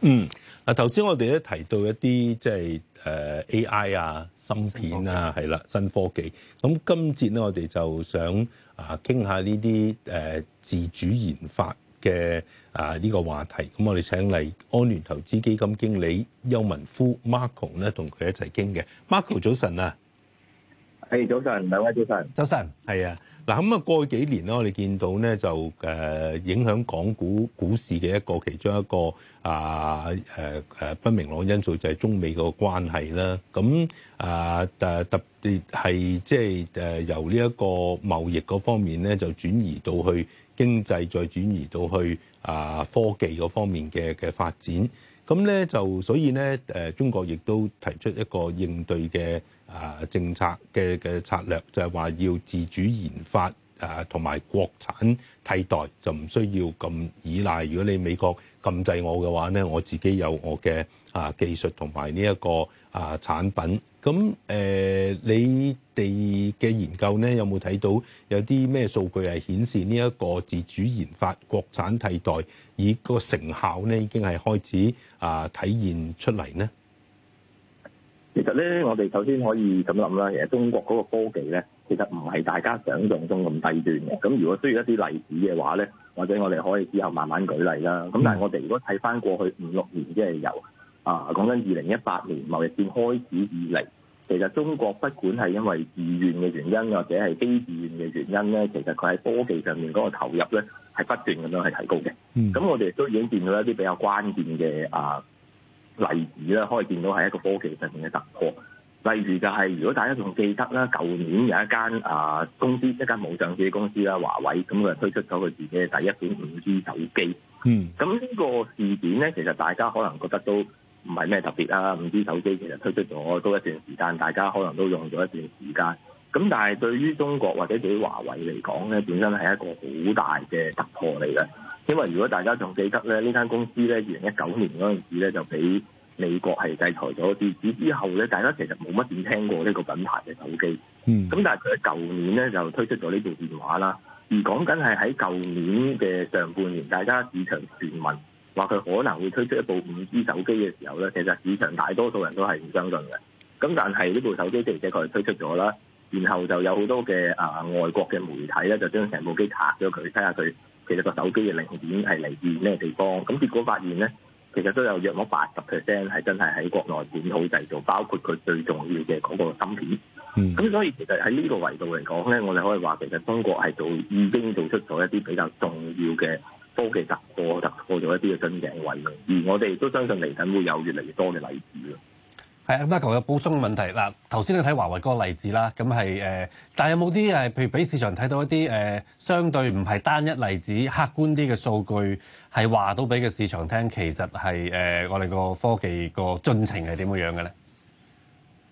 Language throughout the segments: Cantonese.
嗯，嗱，頭先我哋咧提到一啲即係誒、啊、AI 啊，芯片啊，係啦、啊，新科技。咁今節咧，我哋就想啊，傾下呢啲誒自主研發嘅啊呢、這個話題。咁我哋請嚟安聯投資基金經理丘文孚 Marco 咧，同佢一齊傾嘅。Marco 早晨啊！ 誒，早晨，兩位早晨，早晨，係啊，嗱咁啊，過去幾年咧，我哋見到咧，就誒影響港股股市嘅一個其中一個啊誒誒不明朗因素就係中美個關係啦。咁啊啊特別係即係誒由呢一個貿易嗰方面咧，就轉移到去經濟，再轉移到去啊科技嗰方面嘅嘅發展。咁咧就所以咧誒，中國亦都提出一個應對嘅誒政策嘅嘅策略就係、是、話要自主研發誒同埋國產替代，就唔需要咁依賴。如果你美國禁制我嘅話咧，我自己有我嘅啊技術同埋呢一個啊產品。咁誒、呃，你哋嘅研究咧有冇睇到有啲咩數據係顯示呢一個自主研發國產替代以個成效咧已經係開始啊體現出嚟呢？其實咧，我哋首先可以咁諗啦。其實中國嗰個科技咧，其實唔係大家想象中咁低端嘅。咁如果需要一啲例子嘅話咧，或者我哋可以之後慢慢舉例啦。咁、嗯、但係我哋如果睇翻過去五六年，即係由啊講緊二零一八年貿易戰開始以嚟，其實中國不管係因為自願嘅原因，或者係非自願嘅原因咧，其實佢喺科技上面嗰個投入咧，係不斷咁樣係提高嘅。咁、嗯、我哋都已經見到一啲比較關鍵嘅啊。例子啦，可以見到係一個科技上面嘅突破。例如就係、是，如果大家仲記得啦，舊年有一間啊、呃、公司，一間冇上市嘅公司啦，華為，咁佢推出咗佢自己嘅第一款 5G 手機。嗯，咁呢個事件咧，其實大家可能覺得都唔係咩特別啦。5G 手機其實推出咗都一段時間，大家可能都用咗一段時間。咁但係對於中國或者對於華為嚟講咧，本身係一個好大嘅突破嚟嘅。因為如果大家仲記得咧，呢間公司咧，二零一九年嗰陣時咧就俾美國係制裁咗，自此之後咧，大家其實冇乜點聽過呢個品牌嘅手機。嗯，咁但係佢喺舊年咧就推出咗呢部電話啦。而講緊係喺舊年嘅上半年，大家市場傳聞話佢可能會推出一部五 G 手機嘅時候咧，其實市場大多數人都係唔相信嘅。咁但係呢部手機，即使佢推出咗啦，然後就有好多嘅啊外國嘅媒體咧，就將成部機拆咗佢，睇下佢。其實個手機嘅零件係嚟自咩地方？咁結果發現咧，其實都有約莫八十 percent 係真係喺國內本土製造，包括佢最重要嘅嗰個芯片。嗯。咁所以其實喺呢個維度嚟講咧，我哋可以話其實中國係做已經做出咗一啲比較重要嘅科技突破，突破咗一啲嘅新領域。而我哋亦都相信嚟緊會有越嚟越多嘅例子。係、yeah，Michael 有補充問題。嗱，頭先你睇華為嗰個例子啦，咁係誒，但係有冇啲誒，譬如俾市場睇到一啲誒，相對唔係單一例子，客觀啲嘅數據，係話到俾個市場聽，其實係誒，我哋個科技個進程係點樣樣嘅咧？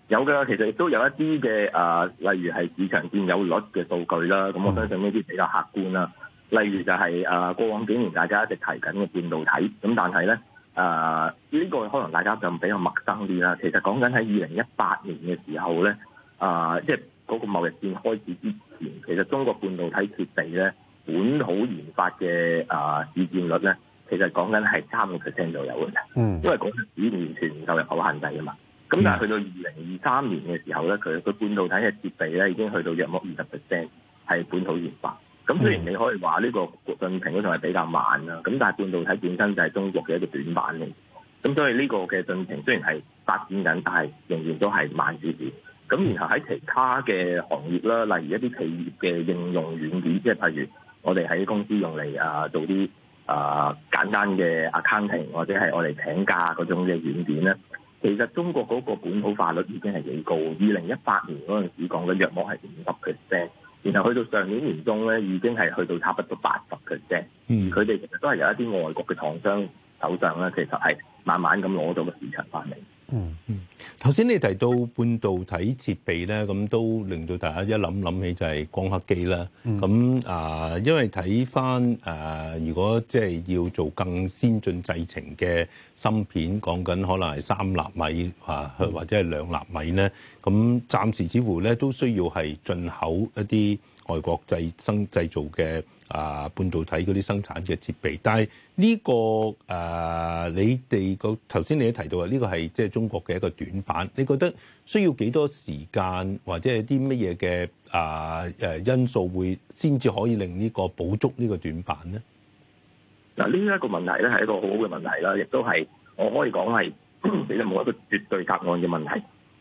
有、hmm. 噶、mm，其實亦都有一啲嘅誒，例如係市場佔有率嘅數據啦，咁我相信呢啲比較客觀啦。例如就係誒，過往幾年大家一直提緊嘅半導體，咁但係咧。誒呢、uh, 個可能大家就比較陌生啲啦。其實講緊喺二零一八年嘅時候咧，誒即係嗰個貿易戰開始之前，其實中國半導體設備咧本土研發嘅誒、呃、市佔率咧，其實講緊係三個 percent 就有嘅。嗯，mm. 因為嗰陣時完全唔受入口限制啊嘛。咁但係去到二零二三年嘅時候咧，佢佢半導體嘅設備咧已經去到約莫二十 percent 係本土研發。咁雖然你可以話呢個進程仲係比較慢啦，咁但係半導體本身就係中國嘅一個短板嚟。咁所以呢個嘅進程雖然係發展緊，但係仍然都係慢少少。咁然後喺其他嘅行業啦，例如一啲企業嘅應用軟件，即係例如我哋喺公司用嚟啊做啲啊簡單嘅 accounting，或者係我哋請假嗰種嘅軟件咧，其實中國嗰個本土化率已經係幾高。二零一八年嗰陣時講嘅約莫係五十 percent。然後去到上年年中咧，已經係去到差不多八十 percent。嗯，佢哋其實都係有一啲外國嘅廠商手上啦，其實係慢慢咁攞到個市場翻嚟。嗯嗯，頭、嗯、先你提到半導體設備咧，咁都令到大家一諗諗起就係光刻機啦。咁啊、嗯呃，因為睇翻誒，如果即係要做更先進製程嘅芯片，講緊可能係三納米啊，或者係兩納米咧，咁、嗯、暫時似乎咧都需要係進口一啲外國製生製造嘅。啊，半導體嗰啲生產嘅設備，但係呢、這個誒、啊，你哋個頭先你都提到啊，呢、這個係即係中國嘅一個短板。你覺得需要幾多時間，或者係啲乜嘢嘅啊誒、啊、因素會先至可以令呢、這個補足呢個短板咧？嗱，呢一個問題咧係一個好好嘅問題啦，亦都係我可以講係，其實冇一個絕對答案嘅問題。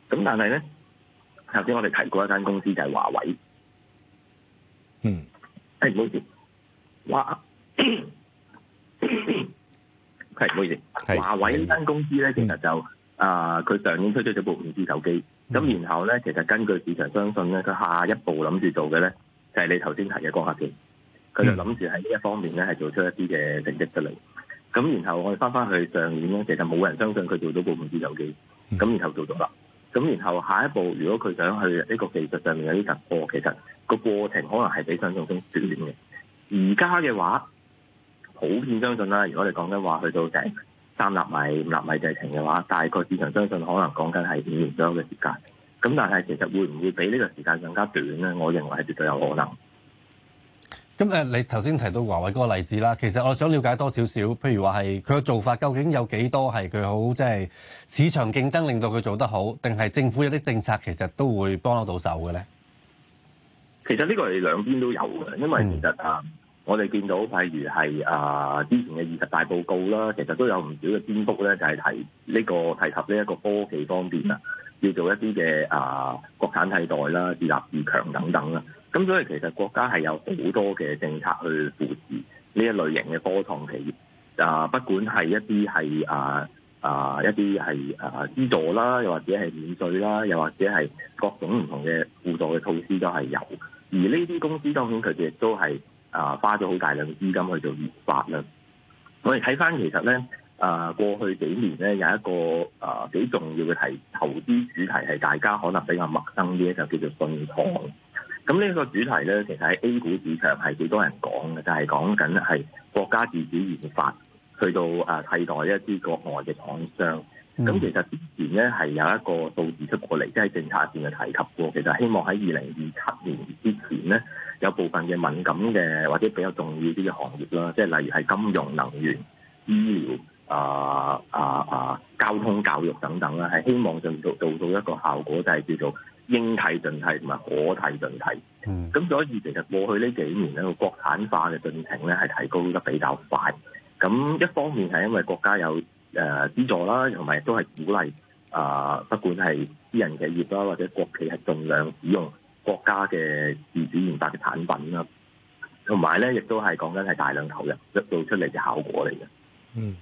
咁但係咧，頭先我哋提過一間公司就係華為。嗯，誒唔、哎、好哇係唔好意思，華是為呢間公司咧，其實就啊，佢、嗯呃、上年推出咗部五 G 手機，咁、嗯、然後咧，其實根據市場相信咧，佢下一步諗住做嘅咧，就係、是、你頭先提嘅光刻片，佢就諗住喺呢一方面咧，係做出一啲嘅成績出嚟。咁然後我哋翻翻去上年咧，其實冇人相信佢做到部五 G 手機，咁、嗯、然後做咗啦。咁然後下一步，如果佢想去呢個技術上面有啲突破，其實個過程可能係比想象中短嘅。而家嘅話普遍相信啦，如果你哋講緊話去到成三納米、五納米就係停嘅話，大概市場相信可能講緊係五年左右嘅時間。咁但係其實會唔會比呢個時間更加短咧？我認為係絕對有可能。咁誒，你頭先提到華為嗰個例子啦，其實我想了解多少少，譬如話係佢嘅做法究竟有幾多係佢好即係、就是，市場競爭令到佢做得好，定係政府有啲政策其實都會幫得到手嘅咧？其實呢個係兩邊都有嘅，因為其實啊，我哋見到，例如係啊、呃，之前嘅二十大報告啦，其實都有唔少嘅篇幅咧，就係提呢個提及呢、這、一、個、個科技方面啊，要做一啲嘅啊，國產替代啦，自立自強等等啦。咁所以其實國家係有好多嘅政策去扶持呢一類型嘅科創企業啊，不管係一啲係啊啊一啲係啊資助啦，又、呃、或者係免稅啦，又或者係各種唔同嘅輔助嘅措施都係有。而呢啲公司當然佢哋亦都係啊花咗好大量嘅資金去做研發啦。我哋睇翻其實咧啊過去幾年咧，有一個啊幾重要嘅題投資主題係大家可能比較陌生啲，就叫做信創。咁呢個主題咧其實喺 A 股市場係幾多人講嘅，就係講緊係國家自主研發去到啊替代一啲國外嘅廠商。咁、mm hmm. 其實之前咧係有一個數字出過嚟，即、就、係、是、政策上線嘅提及過，其實希望喺二零二七年之前咧，有部分嘅敏感嘅或者比較重要啲嘅行業啦，即係例如係金融、能源、醫療、啊啊啊交通、教育等等啦，係希望做到做到一個效果，就係、是、叫做應替盡替同埋可替盡替。咁、mm hmm. 所以其實過去呢幾年呢個國產化嘅進程咧係提高得比較快。咁一方面係因為國家有誒資、呃、助啦，同埋亦都係鼓勵啊、呃！不管係私人企業啦，或者國企係大量使用國家嘅自主研發嘅產品啦，同埋咧，亦都係講緊係大量投入得到出嚟嘅效果嚟嘅。嗯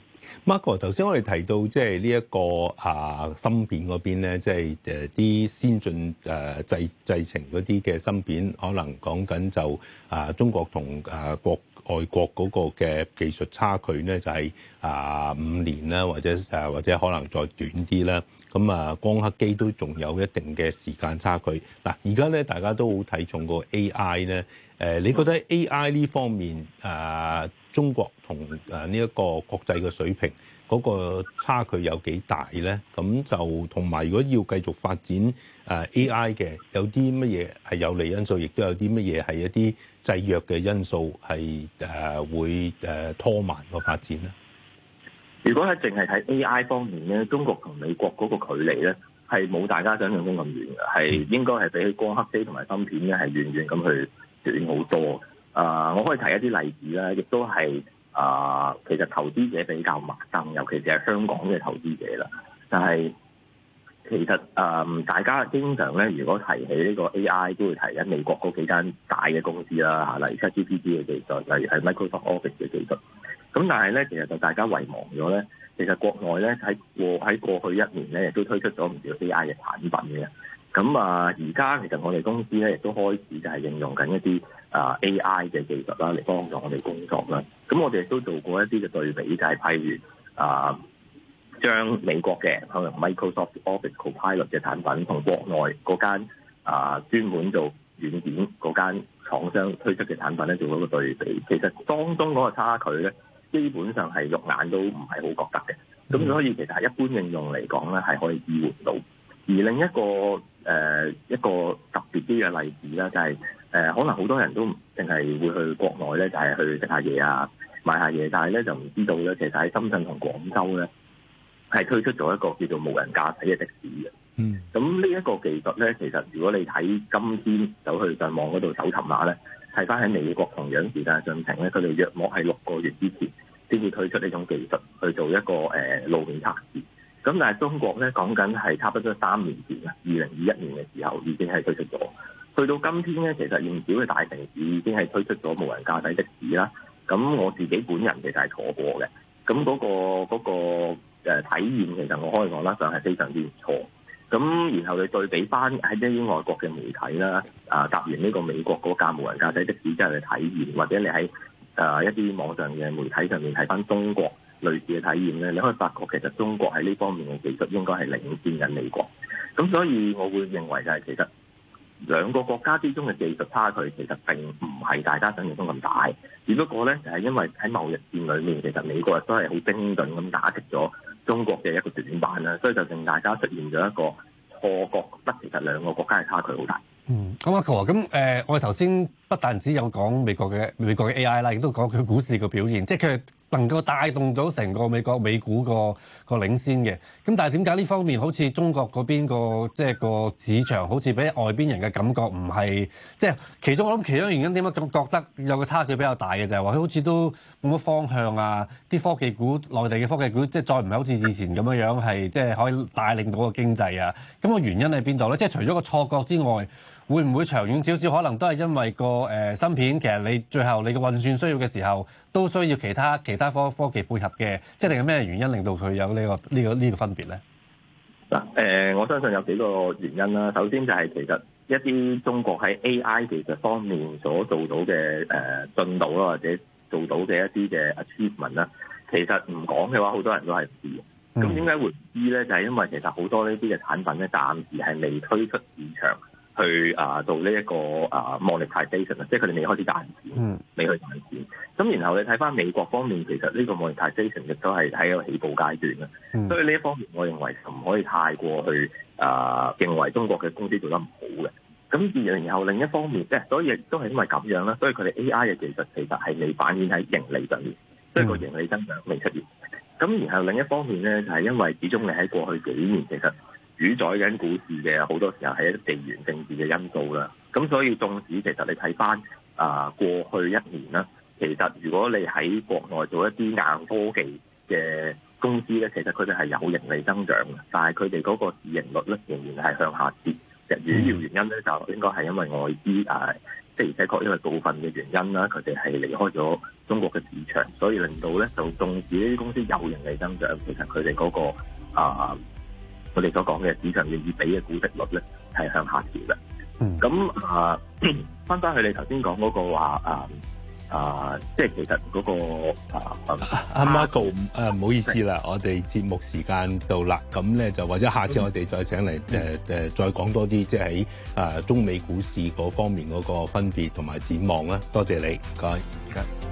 ，Marco 頭先我哋提到即係呢一個啊芯片嗰邊咧，即係誒啲先進誒製製程嗰啲嘅芯片，可能講緊就、就啊中國同啊國。外國嗰個嘅技術差距咧，就係啊五年啦，或者啊或者可能再短啲啦。咁啊光刻機都仲有一定嘅時間差距。嗱，而家咧大家都好睇重個 AI 咧。誒，你覺得 AI 呢方面啊，中國同誒呢一個國際嘅水平嗰個差距有幾大咧？咁就同埋如果要繼續發展誒 AI 嘅，有啲乜嘢係有利因素，亦都有啲乜嘢係一啲。制約嘅因素係誒會誒拖慢個發展啦。如果係淨係睇 AI 方面咧，中國同美國嗰個距離咧係冇大家想像中咁遠嘅，係應該係比起光刻機同埋芯片咧係遠遠咁去短好多。啊，uh，我可以提一啲例子啦，亦都係啊，uh，其實投資者比較陌生，尤其是係香港嘅投資者啦，但係。其實誒、嗯，大家經常咧，如果提起呢個 AI，都會提緊美國嗰幾間大嘅公司啦，嚇，例如 ChatGPT 嘅技術，例如係 Microsoft Office 嘅技術。咁但係咧，其實就大家遺忘咗咧，其實國內咧喺過喺過去一年咧，亦都推出咗唔少 AI 嘅產品嘅。咁啊，而家其實我哋公司咧亦都開始就係應用緊一啲啊、呃、AI 嘅技術啦，嚟幫助我哋工作啦。咁我哋亦都做過一啲嘅對比，就係、是、譬如啊。呃將美國嘅可能 Microsoft Office Copilot 嘅產品同國內嗰間啊專門做軟件嗰間廠商推出嘅產品咧做咗個對比，其實當中嗰個差距咧基本上係肉眼都唔係好覺得嘅。咁所以其實一般應用嚟講咧係可以支援到。而另一個誒、呃、一個特別啲嘅例子咧就係、是、誒、呃、可能好多人都淨係會去國內咧就係、是、去食、啊、下嘢啊買下嘢，但係咧就唔知道咧其實喺深圳同廣州咧。係推出咗一個叫做無人駕駛嘅的，的士嘅。嗯，咁呢一個技術呢，其實如果你睇今天走去上網嗰度搜尋下呢，睇返喺美國同樣時間進程呢，佢哋約莫係六個月之前先至推出呢種技術去做一個誒路、呃、面測試。咁但係中國呢，講緊係差不多三年前啊，二零二一年嘅時候已經係推出咗。去到今天呢，其實唔少嘅大城市已經係推出咗無人駕駛的士啦。咁我自己本人其實係坐過嘅。咁嗰個嗰個。嗰個誒體驗其實我可以講得上係非常之唔錯。咁然後你對比翻喺一啲外國嘅媒體啦，啊，搭完呢個美國嗰架無人駕駛的士之後嘅體驗，或者你喺啊一啲網上嘅媒體上面睇翻中國類似嘅體驗咧，你可以發覺其實中國喺呢方面嘅技術應該係領先緊美國。咁所以我會認為就係其實兩個國家之中嘅技術差距其實並唔係大家想象中咁大，只不過咧就係因為喺貿易戰裏面，其實美國都係好精準咁打擊咗。中國嘅一個短板啦，所以就令大家實現咗一個錯覺，得其實兩個國家嘅差距好大，嗯。嗯，咁阿 Ko 啊，咁誒、呃，我哋頭先不但只有講美國嘅美國嘅 AI 啦，亦都講佢股市嘅表現，即係佢。能夠帶動到成個美國美股個個領先嘅。咁，但係點解呢方面好似中國嗰邊個即係個市場好似俾外邊人嘅感覺唔係，即係其中我諗其中原因點解咁覺得有個差距比較大嘅，就係話佢好似都冇乜方向啊，啲科技股內地嘅科技股即係再唔係好似以前咁樣樣係即係可以帶領到個經濟啊？咁個原因喺邊度咧？即係除咗個錯覺之外。會唔會長遠少少可能都係因為個誒、呃、芯片？其實你最後你嘅運算需要嘅時候，都需要其他其他科科技配合嘅。即係定係咩原因令到佢有呢、這個呢、這個呢、這個分別咧？嗱誒、呃，我相信有幾個原因啦。首先就係其實一啲中國喺 AI 技術方面所做到嘅誒進度啦，或者做到嘅一啲嘅 achievement 啦，其實唔講嘅話，好多人都係唔知。咁點解會唔知咧？就係、是、因為其實好多呢啲嘅產品咧，暫時係未推出市場。去啊，uh, 做呢、這、一個啊，monetization 啦，即係佢哋未開始賺錢，mm. 未去賺錢。咁然後你睇翻美國方面，其實呢個 monetization 亦都係喺一個起步階段啦。Mm. 所以呢一方面，我認為唔可以太過去啊，uh, 認為中國嘅公司做得唔好嘅。咁然後另一方面即咧，所以亦都係因為咁樣啦，所以佢哋 AI 嘅技術其實係未反映喺盈利上面，所以個盈利增長未出現。咁、mm. 然後另一方面咧，就係、是、因為始終你喺過去幾年其實。主宰緊股市嘅好多時候係一啲地緣政治嘅因素啦，咁所以縱使其實你睇返啊過去一年啦，其實如果你喺國內做一啲硬科技嘅公司咧，其實佢哋係有盈利增長嘅，但係佢哋嗰個市盈率咧仍然係向下跌。主要原因咧就應該係因為外資誒，即係而且確因為部分嘅原因啦，佢哋係離開咗中國嘅市場，所以令到咧就縱使呢啲公司有盈利增長，其實佢哋嗰個啊。呃我哋所講嘅市場願意俾嘅股息率咧，係向下調嘅。咁、嗯、啊，翻返去你頭先講嗰個話啊啊，即係其實嗰、嗰個啊阿 Marco 誒，唔好意思啦，是我哋節目時間到啦。咁咧就或者下次我哋再請嚟誒誒，再講多啲即係喺啊中美股市嗰方面嗰個分別同埋展望啦。多謝你，各位，而家。